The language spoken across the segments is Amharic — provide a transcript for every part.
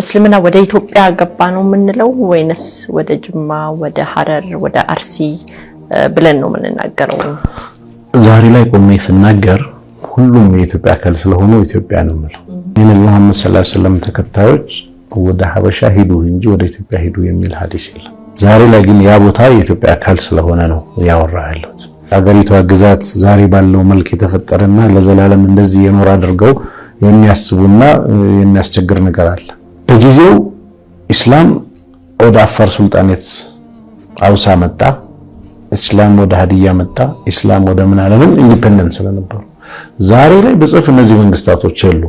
እስልምና ወደ ኢትዮጵያ ገባ ነው የምንለው ወይንስ ወደ ጅማ፣ ወደ ሀረር፣ ወደ አርሲ ብለን ነው የምንናገረው? ዛሬ ላይ ቆሜ ስናገር ሁሉም የኢትዮጵያ አካል ስለሆኑ ኢትዮጵያ ነው የምለው። የነቢ መሐመድ ሰለላሁ ዐለይሂ ወሰለም ተከታዮች ወደ ሀበሻ ሂዱ እንጂ ወደ ኢትዮጵያ ሂዱ የሚል ሀዲስ የለም። ዛሬ ላይ ግን ያ ቦታ የኢትዮጵያ አካል ስለሆነ ነው እያወራ ያለሁት። ሀገሪቷ ግዛት ዛሬ ባለው መልክ የተፈጠረና ለዘላለም እንደዚህ የኖር አድርገው የሚያስቡና የሚያስቸግር ነገር አለ። በጊዜው ኢስላም ወደ አፋር ሱልጣኔት አውሳ መጣ። ኢስላም ወደ ሀዲያ መጣ። ኢስላም ወደ ምን ምናለንም ኢንዲፔንደንት ስለነበሩ ዛሬ ላይ በጽፍ እነዚህ መንግስታቶች የሉ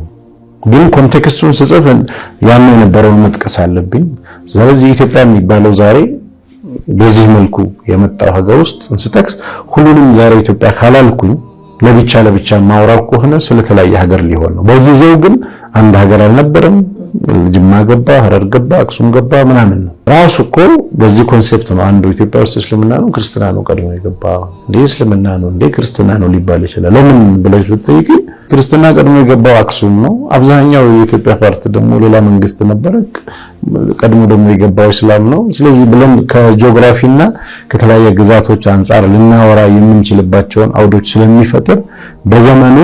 ግን ኮንቴክስቱን ስጽፍ ያን የነበረውን መጥቀስ አለብኝ። ስለዚህ ኢትዮጵያ የሚባለው ዛሬ በዚህ መልኩ የመጣው ሀገር ውስጥ እንስጠቅስ ሁሉንም ዛሬ ኢትዮጵያ ካላልኩኝ ለብቻ ለብቻ ማውራት ከሆነ ስለተለያየ ሀገር ሊሆን ነው። በጊዜው ግን አንድ ሀገር አልነበረም። ጅማ ገባ፣ ሀረር ገባ፣ አክሱም ገባ ምናምን ነው። ራሱ እኮ በዚህ ኮንሴፕት ነው አንዱ ኢትዮጵያ ውስጥ እስልምና ነው ክርስትና ነው ቀድሞ የገባ እንዴ እስልምና ነው እንዴ ክርስትና ነው ሊባል ይችላል። ለምን ብለሽ ብትጠይቂ ክርስትና ቀድሞ የገባው አክሱም ነው። አብዛኛው የኢትዮጵያ ፓርት ደግሞ ሌላ መንግስት ነበረ፣ ቀድሞ ደግሞ የገባው እስላም ነው። ስለዚህ ብለን ከጂኦግራፊና ከተለያየ ግዛቶች አንጻር ልናወራ የምንችልባቸውን አውዶች ስለሚፈጥር በዘመኑ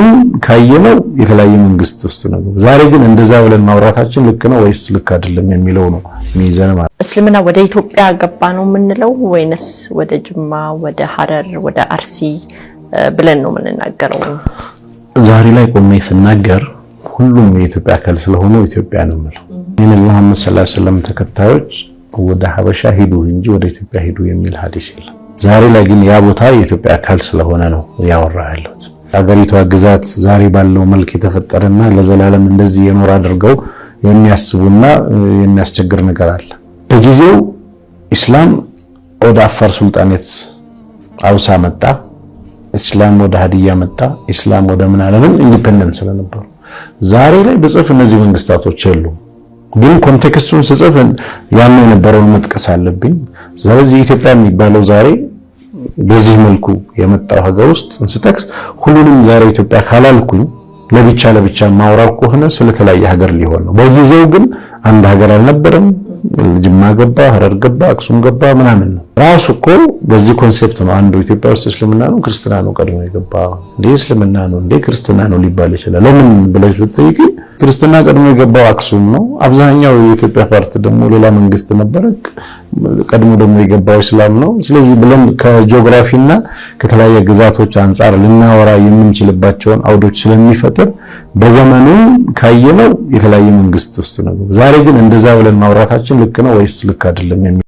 ካየነው የተለያየ መንግስት ውስጥ ነው። ዛሬ ግን እንደዛ ብለን ማውራታችን ልክ ነው ወይስ ልክ አይደለም የሚለው ነው ሚዘን ማለት ከእስልምና ወደ ኢትዮጵያ ገባ ነው የምንለው ወይንስ ወደ ጅማ፣ ወደ ሀረር፣ ወደ አርሲ ብለን ነው የምንናገረው? ዛሬ ላይ ቆሜ ስናገር ሁሉም የኢትዮጵያ አካል ስለሆነ ኢትዮጵያ ነው የምለው። ይህን መሐመድ ሰለላሁ ዐለይሂ ወሰለም ተከታዮች ወደ ሀበሻ ሂዱ እንጂ ወደ ኢትዮጵያ ሂዱ የሚል ሀዲስ የለም። ዛሬ ላይ ግን ያ ቦታ የኢትዮጵያ አካል ስለሆነ ነው እያወራ ያለሁት። ሀገሪቷ ግዛት ዛሬ ባለው መልክ የተፈጠረና ለዘላለም እንደዚህ የኖር አድርገው የሚያስቡና የሚያስቸግር ነገር አለ። በጊዜው ኢስላም ወደ አፋር ሱልጣኔት አውሳ መጣ። ኢስላም ወደ ሀዲያ መጣ። ኢስላም ወደ ምን አለ ኢንዲፔንደንት ስለነበሩ ዛሬ ላይ በጽፍ እነዚህ መንግስታቶች የሉ ግን ኮንቴክስቱን ስጽፍ ያን የነበረውን መጥቀስ አለብኝ። ስለዚህ ኢትዮጵያ የሚባለው ዛሬ በዚህ መልኩ የመጣው ሀገር ውስጥ እንስጠቅስ ሁሉንም ዛሬ ኢትዮጵያ ካላልኩኝ ለብቻ ለብቻ ማውራው ከሆነ ስለተለያየ ሀገር ሊሆን ነው። በጊዜው ግን አንድ ሀገር አልነበረም። ጅማ ገባ፣ ሀረር ገባ፣ አክሱም ገባ ምናምን ነው። ራሱ እኮ በዚህ ኮንሴፕት ነው አንዱ ኢትዮጵያ ውስጥ እስልምና ነው ክርስትና ነው ቀድሞ የገባ እንዴ እስልምና ነው እንዴ ክርስትና ነው ሊባል ይችላል። ለምን ብለሽ ብትጠይቂ ክርስትና ቀድሞ የገባው አክሱም ነው። አብዛኛው የኢትዮጵያ ፓርት ደግሞ ሌላ መንግስት ነበረ፣ ቀድሞ ደግሞ የገባው እስላም ነው። ስለዚህ ብለን ከጂኦግራፊና ከተለያየ ግዛቶች አንጻር ልናወራ የምንችልባቸውን አውዶች ስለሚፈጥር በዘመኑ ካየነው የተለያየ መንግስት ውስጥ ነው። ዛሬ ግን እንደዛ ብለን ማውራታችን ልክ ነው ወይስ ልክ አይደለም?